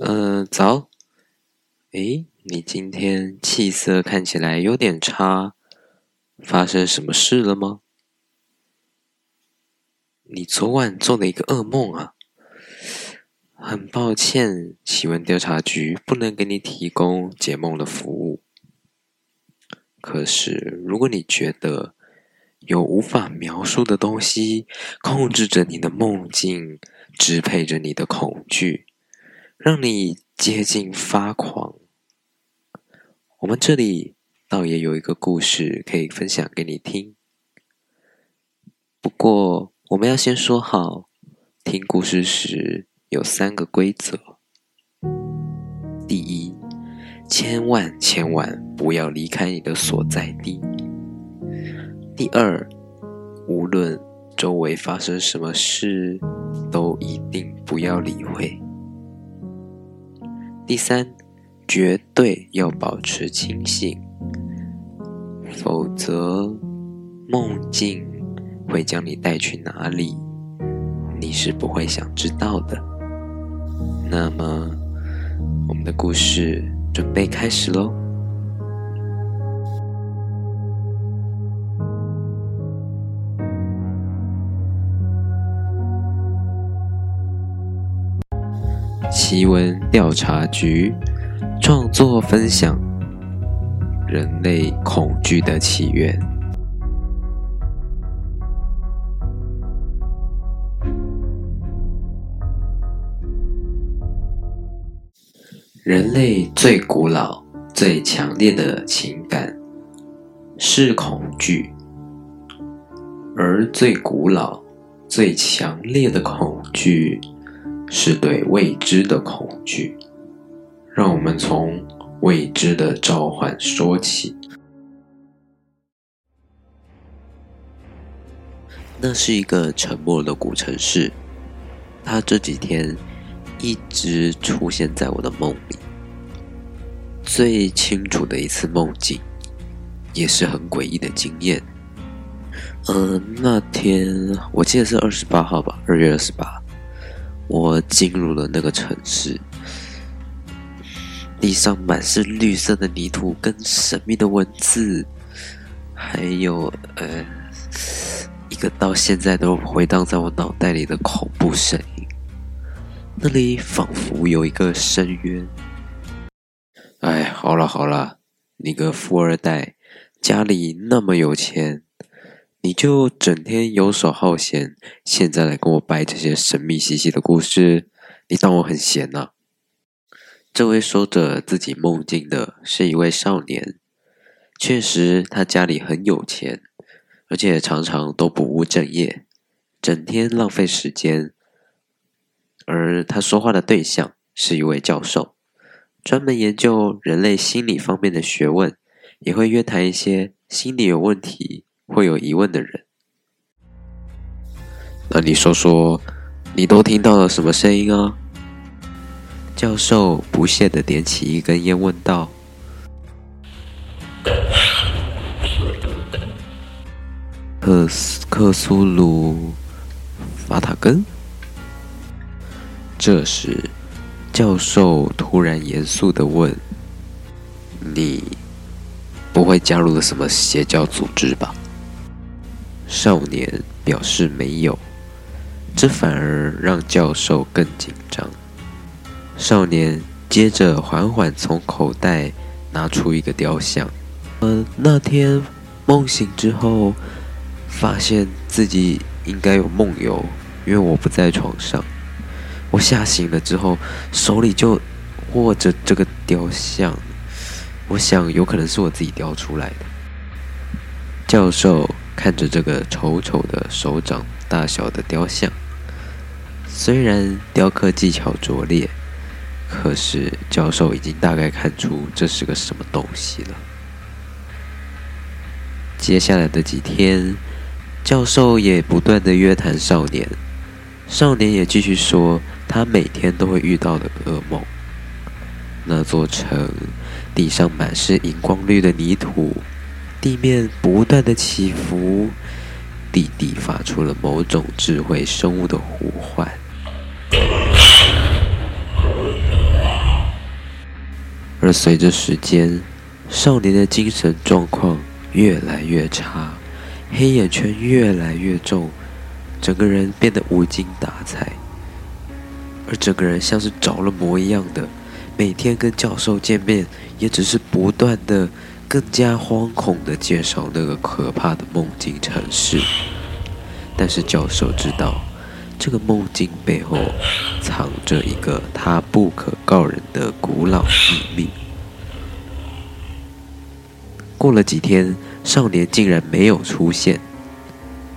嗯、呃，早。哎，你今天氣色看起來有點差，發生什麼事了嗎？你昨晚做了一個噩夢啊。很抱歉，奇聞調查局不能給你提供解夢的服務。可是，如果你覺得有無法描述的東西控制着你的夢境，支配着你的恐懼。讓你接近發狂。我們這裡倒也有一個故事可以分享給你聽。不過，我們要先說好，聽故事時有三個規則：第一，千萬千萬不要離開你的所在地；第二，無論周圍發生什麼事，都一定不要理會。第三，絕對要保持清醒，否則夢境會將你帶去哪裡，你是不會想知道的。那麼，我們的故事準備開始嘍。奇聞調查局創作分享：人類恐懼的起源。人類最古老、最強烈的情感是恐懼，而最古老、最強烈的恐懼。是對未知的恐懼，讓我們從未知的召喚說起。那是一個沉默的古城市，它這幾天一直出現在我的夢裡。最清楚的一次夢境，也是很詭異的經驗。嗯，那天我記得是二十八號吧，二月二十八。我進入了那個城市，地上滿是綠色的泥土，跟神秘的文字，還有呃，一個到現在都回盪在我腦袋裡的恐怖聲音。那裡仿佛有一個深淵。哎，好了好了，你個富二代，家裡那麼有錢。你就整天遊手好閒，現在來跟我掰這些神秘兮兮的故事，你當我很閒吶、啊？這位說着自己夢境的是一位少年，確實他家裡很有錢，而且常常都不務正業，整天浪費時間。而他說話的對象是一位教授，專門研究人類心理方面的學問，也會約談一些心理有問題。會有疑問的人，那你說說，你都聽到了什麼聲音啊？教授不屑的點起一根煙，問道：“克斯克蘇魯法塔根。”這時，教授突然嚴肅的問：“你不會加入了什麼邪教組織吧？”少年表示沒有，這反而讓教授更緊張。少年接着緩緩從口袋拿出一個雕像。嗯、呃，那天夢醒之後，發現自己應該有夢遊，因為我不在床上。我嚇醒了之後，手裡就握着這個雕像。我想，有可能是我自己雕出來的。教授。看着這個醜丑的手掌大小的雕像，雖然雕刻技巧拙劣，可是教授已經大概看出這是個什麼東西了。接下來的幾天，教授也不斷的約談少年，少年也繼續說他每天都會遇到的噩夢：那座城，地上滿是熒光綠的泥土。地面不斷的起伏，地底發出了某種智慧生物的呼喚。而隨着時間，少年的精神狀況越來越差，黑眼圈越來越重，整個人變得無精打采，而整個人像是着了魔一樣的，每天跟教授見面，也只是不斷的。更加惶恐地介紹那個可怕的夢境城市，但是教授知道，這個夢境背後藏着一個他不可告人的古老秘密。過了幾天，少年竟然沒有出現。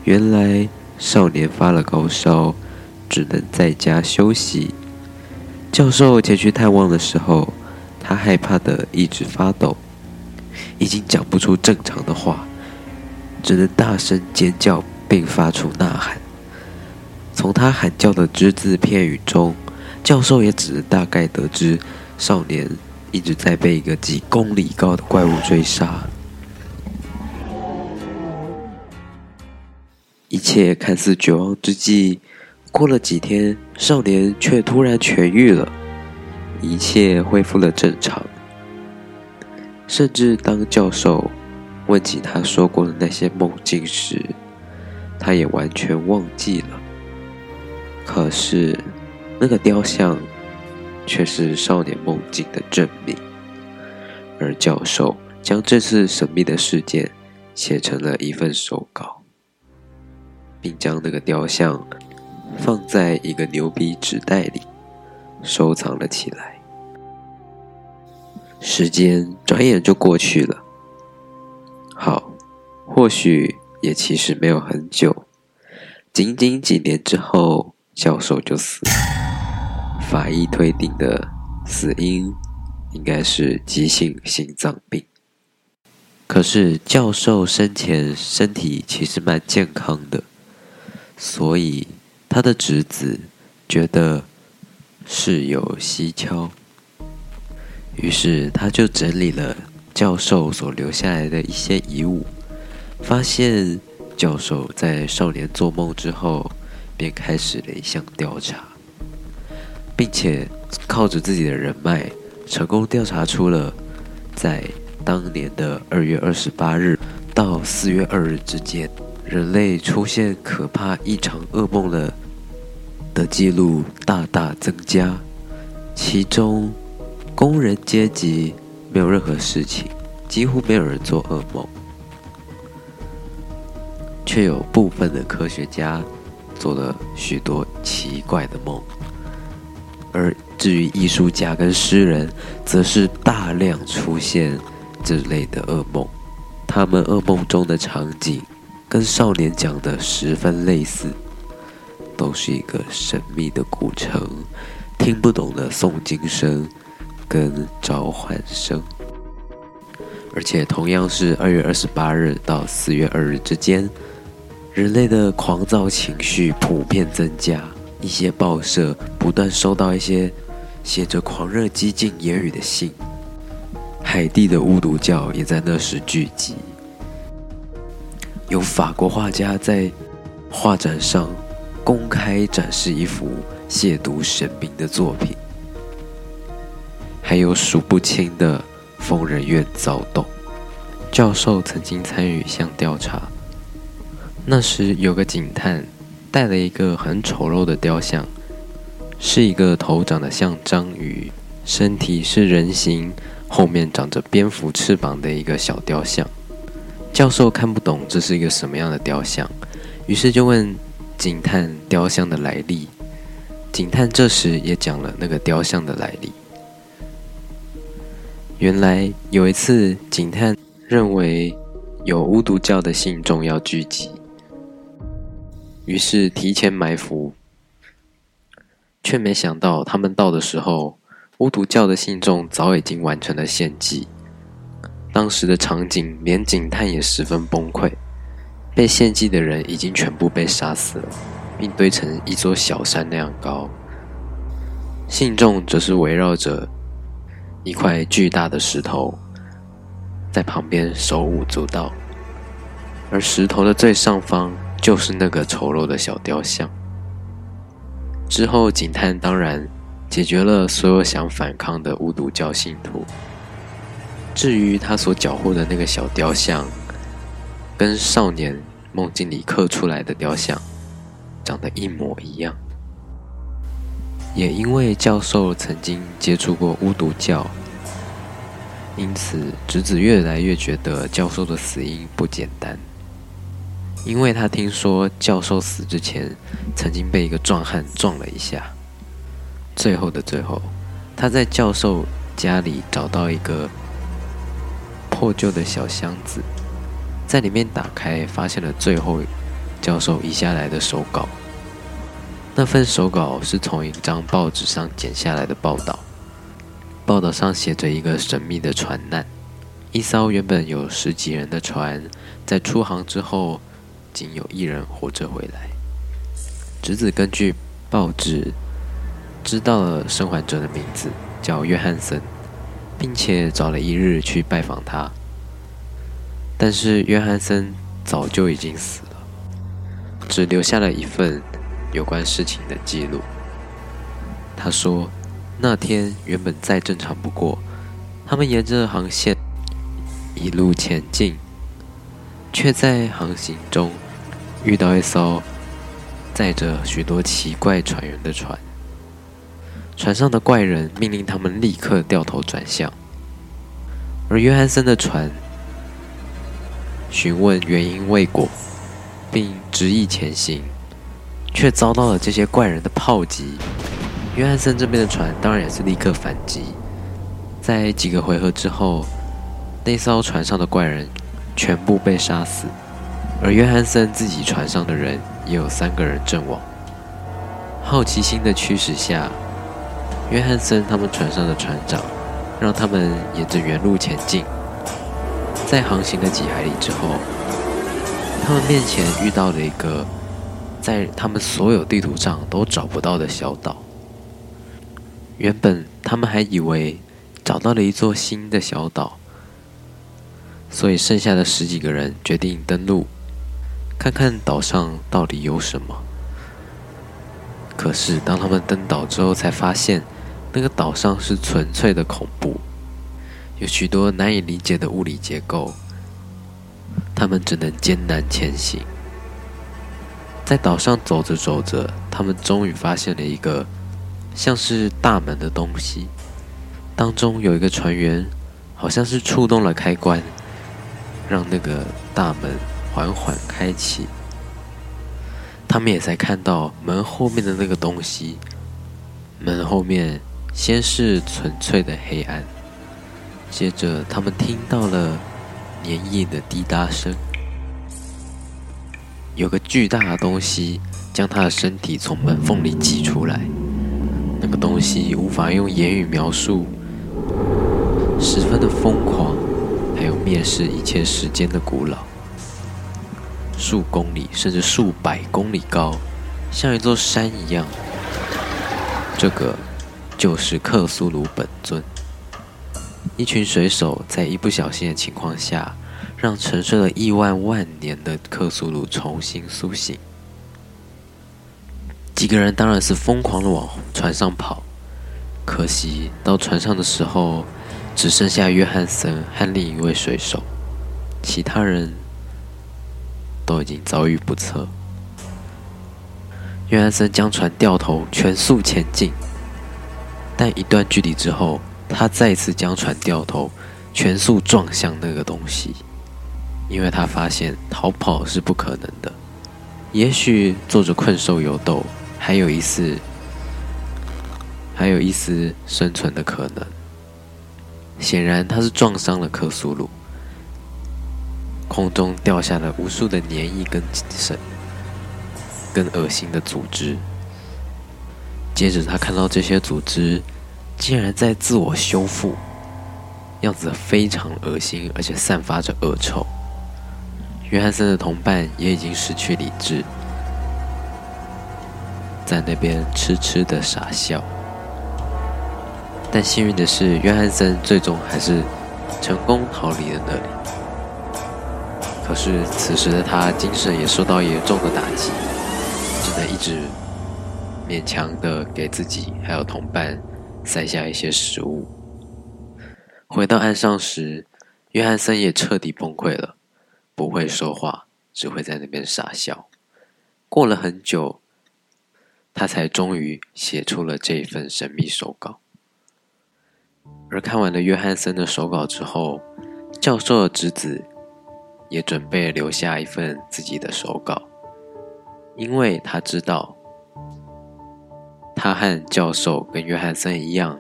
原來少年發了高燒，只能在家休息。教授前去探望的時候，他害怕得一直發抖。已經講不出正常的話，只能大聲尖叫並發出吶喊。從他喊叫的只字片語中，教授也只能大概得知，少年一直在被一個幾公里高的怪物追殺。一切看似絕望之際，過了幾天，少年卻突然痊癒了，一切恢復了正常。甚至當教授問起他說過的那些夢境時，他也完全忘記了。可是那個雕像卻是少年夢境的證明，而教授將這次神秘的事件寫成了一份手稿，並將那個雕像放在一個牛皮紙袋裡收藏了起來。時間轉眼就過去了，好，或許也其實沒有很久，僅僅幾年之後，教授就死了。法醫推定的死因應該是急性心臟病，可是教授生前身體其實蠻健康的，所以他的侄子覺得事有蹊蹺。於是他就整理了教授所留下來的一些遺物，發現教授在少年做夢之後，便開始了一項調查，並且靠着自己的人脈，成功調查出了在當年的二月二十八日到四月二日之間，人類出現可怕異常噩夢了的記錄大大增加，其中。工人階級沒有任何事情，幾乎沒有人做噩夢，卻有部分的科學家做了許多奇怪的夢。而至於藝術家跟詩人，則是大量出現這類的噩夢。他們噩夢中的場景，跟少年講的十分類似，都是一個神秘的古城，聽不懂的誦經聲。跟召喚聲，而且同樣是二月二十八日到四月二日之間，人類的狂躁情緒普遍增加，一些報社不斷收到一些寫着狂熱激進言語的信。海地的巫毒教也在那時聚集。有法國畫家在畫展上公開展示一幅褻瀆神明的作品。還有數不清的瘋人院騷動。教授曾經參與一項調查，那時有個警探帶了一個很醜陋的雕像，是一個頭長得像章魚、身體是人形、後面長着蝙蝠翅膀的一個小雕像。教授看不懂這是一個什麼樣的雕像，於是就問警探雕像的來歷。警探這時也講了那個雕像的來歷。原來有一次，警探認為有巫毒教的信眾要聚集，於是提前埋伏，卻沒想到他們到的時候，巫毒教的信眾早已經完成了獻祭。當時的場景，連警探也十分崩潰。被獻祭的人已經全部被殺死了，並堆成一座小山那樣高。信眾則是圍繞着。一塊巨大的石頭在旁邊手舞足蹈，而石頭的最上方就是那個醜陋的小雕像。之後，警探當然解決了所有想反抗的巫毒教信徒。至於他所繳獲的那個小雕像，跟少年夢境裡刻出來的雕像長得一模一樣。也因為教授曾經接觸過巫毒教，因此侄子,子越來越覺得教授的死因不簡單。因為他聽說教授死之前曾經被一個壯漢撞了一下，最後的最後，他在教授家裡找到一個破舊的小箱子，在裡面打開，發現了最後教授遺下來的手稿。那份手稿是從一張報紙上剪下來的報道，報道上寫着一個神秘的船難，一艘原本有十幾人的船在出航之後，僅有一人活着回來。侄子根據報紙知道了生還者的名字叫約翰森，並且找了一日去拜訪他，但是約翰森早就已經死了，只留下了一份。有關事情的記錄。他說：“那天原本再正常不過，他們沿着航線一路前進，卻在航行中遇到一艘載着許多奇怪船員的船。船上的怪人命令他們立刻掉頭轉向，而約翰森的船詢問原因未果，並執意前行。”卻遭到了這些怪人的炮擊。約翰森這邊的船當然也是立刻反擊，在幾個回合之後，那艘船上的怪人全部被殺死，而約翰森自己船上的人也有三個人陣亡。好奇心的驅使下，約翰森他們船上的船長讓他們沿着原路前進。在航行了幾海里之後，他們面前遇到了一個。在他們所有地圖上都找不到的小島，原本他們還以為找到了一座新的小島，所以剩下的十幾個人決定登陸，看看島上到底有什麼。可是當他們登島之後，才發現那個島上是純粹的恐怖，有許多難以理解的物理結構，他們只能艱難前行。在島上走着走着，他們終於發現了一個像是大門的東西。當中有一個船員，好像是觸動了開關，讓那個大門緩緩開啟。他們也才看到門後面的那個東西。門後面先是純粹的黑暗，接着他們聽到了黏液的滴答聲。有個巨大的東西將他的身體從門縫裡擠出來，那個東西無法用言語描述，十分的瘋狂，還有蔑視一切時間的古老，數公里甚至數百公里高，像一座山一樣。這個就是克蘇魯本尊。一群水手在一不小心的情況下，讓沉睡了億萬萬年的克蘇魯重新蘇醒。幾個人當然是瘋狂的往船上跑，可惜到船上的時候，只剩下約翰森和另一位水手，其他人都已經遭遇不測。約翰森將船掉頭，全速前進，但一段距離之後，他再次將船掉頭，全速撞向那個東西。因為他發現逃跑是不可能的，也許做着困獸猶鬥，還有一次，還有一絲生存的可能。顯然，他是撞傷了克蘇魯，空中掉下了無數的粘液跟精神跟噁心的組織。接着，他看到這些組織竟然在自我修復，樣子非常噁心，而且散發着惡臭。約翰森的同伴也已經失去理智，在那邊痴痴的傻笑。但幸運的是，約翰森最終還是成功逃離了那裡。可是此時的他精神也受到嚴重的打擊，只能一直勉強的給自己還有同伴塞下一些食物。回到岸上時，約翰森也徹底崩潰了。不會說話，只會在那邊傻笑。過了很久，他才終於寫出了這份神秘手稿。而看完了約翰森的手稿之後，教授的侄子也準備留下一份自己的手稿，因為他知道，他和教授跟約翰森一樣，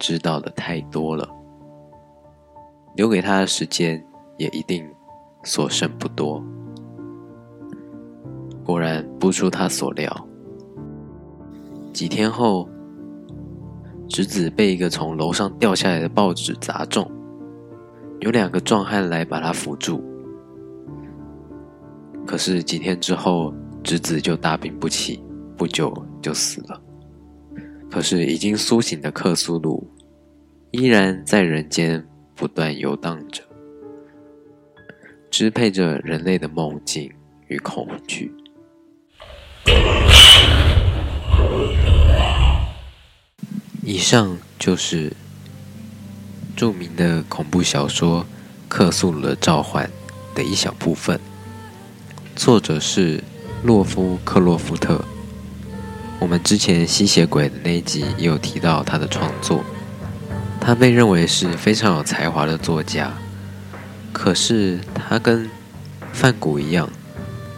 知道的太多了，留給他的時間也一定。所剩不多，果然不出他所料。幾天後，侄子被一個從樓上掉下來的報紙砸中，有兩個壯漢來把他扶住。可是幾天之後，侄子就大病不起，不久就死了。可是已經甦醒的克蘇魯，依然在人間不斷遊蕩着。支配着人類的夢境與恐懼。以上就是著名的恐怖小說《克蘇魯的召喚》的一小部分，作者是洛夫克洛夫特。我們之前吸血鬼的那一集也有提到他的創作，他被認為是非常有才華的作家。可是他跟梵谷一樣，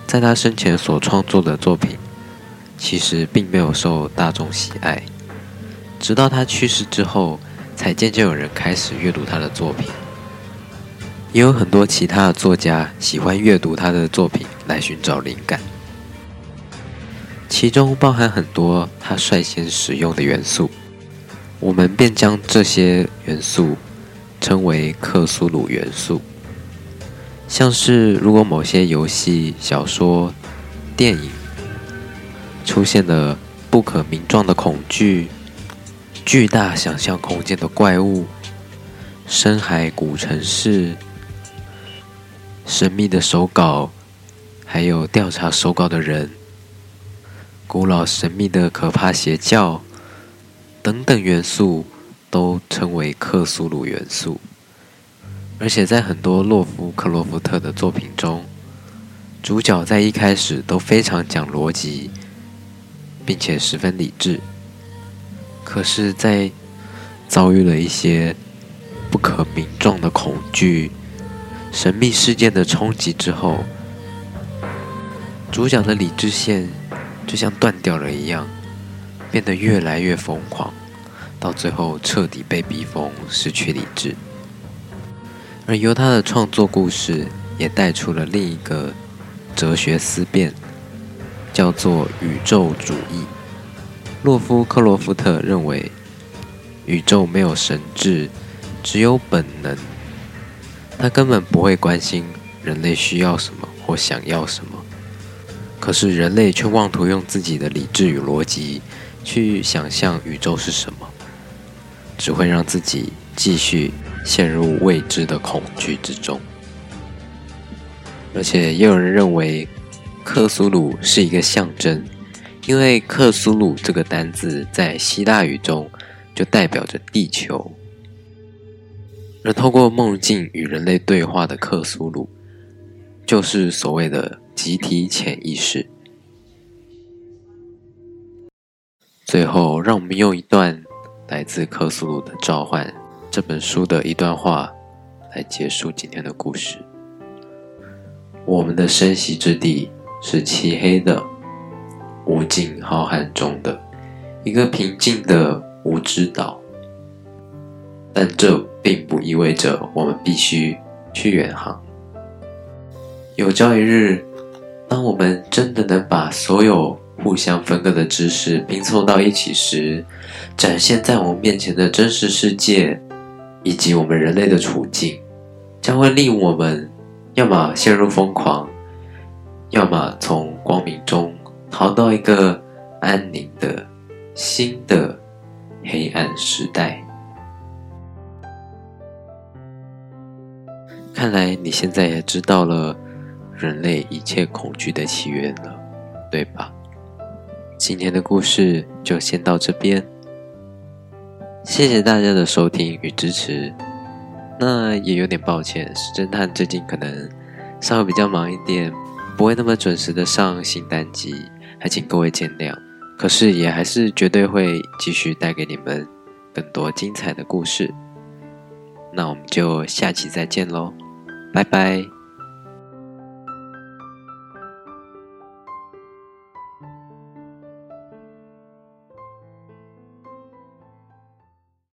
在他生前所創作的作品，其實並沒有受大眾喜愛。直到他去世之後，才漸漸有人開始閱讀他的作品。也有很多其他的作家喜歡閱讀他的作品來尋找靈感，其中包含很多他率先使用的元素，我們便將這些元素稱為克蘇魯元素。像是如果某些遊戲、小說、電影出現了不可名狀的恐懼、巨大想象空間的怪物、深海古城市、神秘的手稿，還有調查手稿的人、古老神秘的可怕邪教等等元素，都稱為克蘇魯元素。而且在很多洛夫克洛夫特的作品中，主角在一開始都非常講邏輯，並且十分理智。可是，在遭遇了一些不可名狀的恐懼、神秘事件的衝擊之後，主角的理智線就像斷掉了一樣，變得越來越瘋狂，到最後徹底被逼瘋，失去理智。而由他的創作故事也帶出了另一個哲學思辨，叫做宇宙主義。洛夫克洛夫特認為，宇宙沒有神智，只有本能。他根本不會關心人類需要什麼或想要什麼。可是人類卻妄圖用自己的理智與邏輯去想象宇宙是什麼，只會讓自己繼續。陷入未知的恐懼之中，而且也有人認為克蘇魯是一個象徵，因為克蘇魯這個單字在希臘語中就代表着地球，而透過夢境與人類對話的克蘇魯，就是所謂的集體潛意識。最後讓我們用一段來自克蘇魯的召喚。這本書的一段話來結束今天的故事。我們的生息之地是漆黑的、無盡浩瀚中的一個平靜的無知島，但這並不意味着我們必須去遠航。有朝一日，當我們真的能把所有互相分割的知識拼湊到一起時，展現在我們面前的真實世界以及我們人類的處境，將會令我們要麼陷入瘋狂，要麼從光明中逃到一個安寧的新的黑暗時代。看來你現在也知道了人類一切恐懼的起源了，對吧？今天的故事就先到這邊。謝謝大家的收聽與支持，那也有點抱歉，是偵探最近可能稍微比較忙一點，不會那麼準時的上新單集，還請各位見諒。可是也還是絕對會繼續帶給你們更多精彩的故事，那我們就下期再見嘍，拜拜。